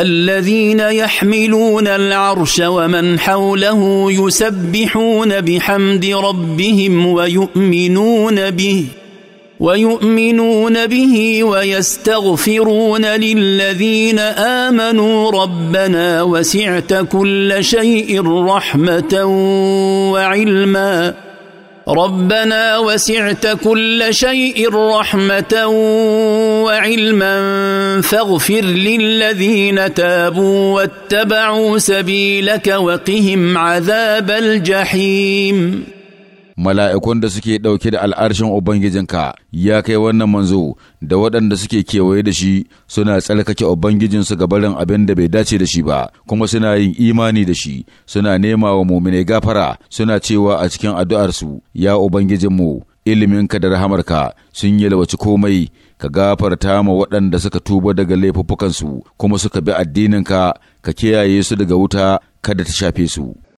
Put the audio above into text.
الذين يحملون العرش ومن حوله يسبحون بحمد ربهم ويؤمنون به ويؤمنون به ويستغفرون للذين امنوا ربنا وسعت كل شيء رحمه وعلما ربنا وسعت كل شيء رحمه وعلما فاغفر للذين تابوا واتبعوا سبيلك وقهم عذاب الجحيم mala'ikun da suke ɗauke da al'arshin Ubangijinka, ya kai wannan manzo, da waɗanda suke kewaye da shi suna tsalkake Ubangijinsu ga barin abin da bai dace da shi ba, kuma suna yin imani da shi, suna nema wa mumine gafara, suna cewa a cikin addu'arsu, ya Ubangijinmu, iliminka da rahamarka sun yalwaci komai, ka gafarta ma waɗanda suka tuba daga laifuffukansu, kuma suka bi addininka, ka kiyaye su daga wuta, kada ta shafe su.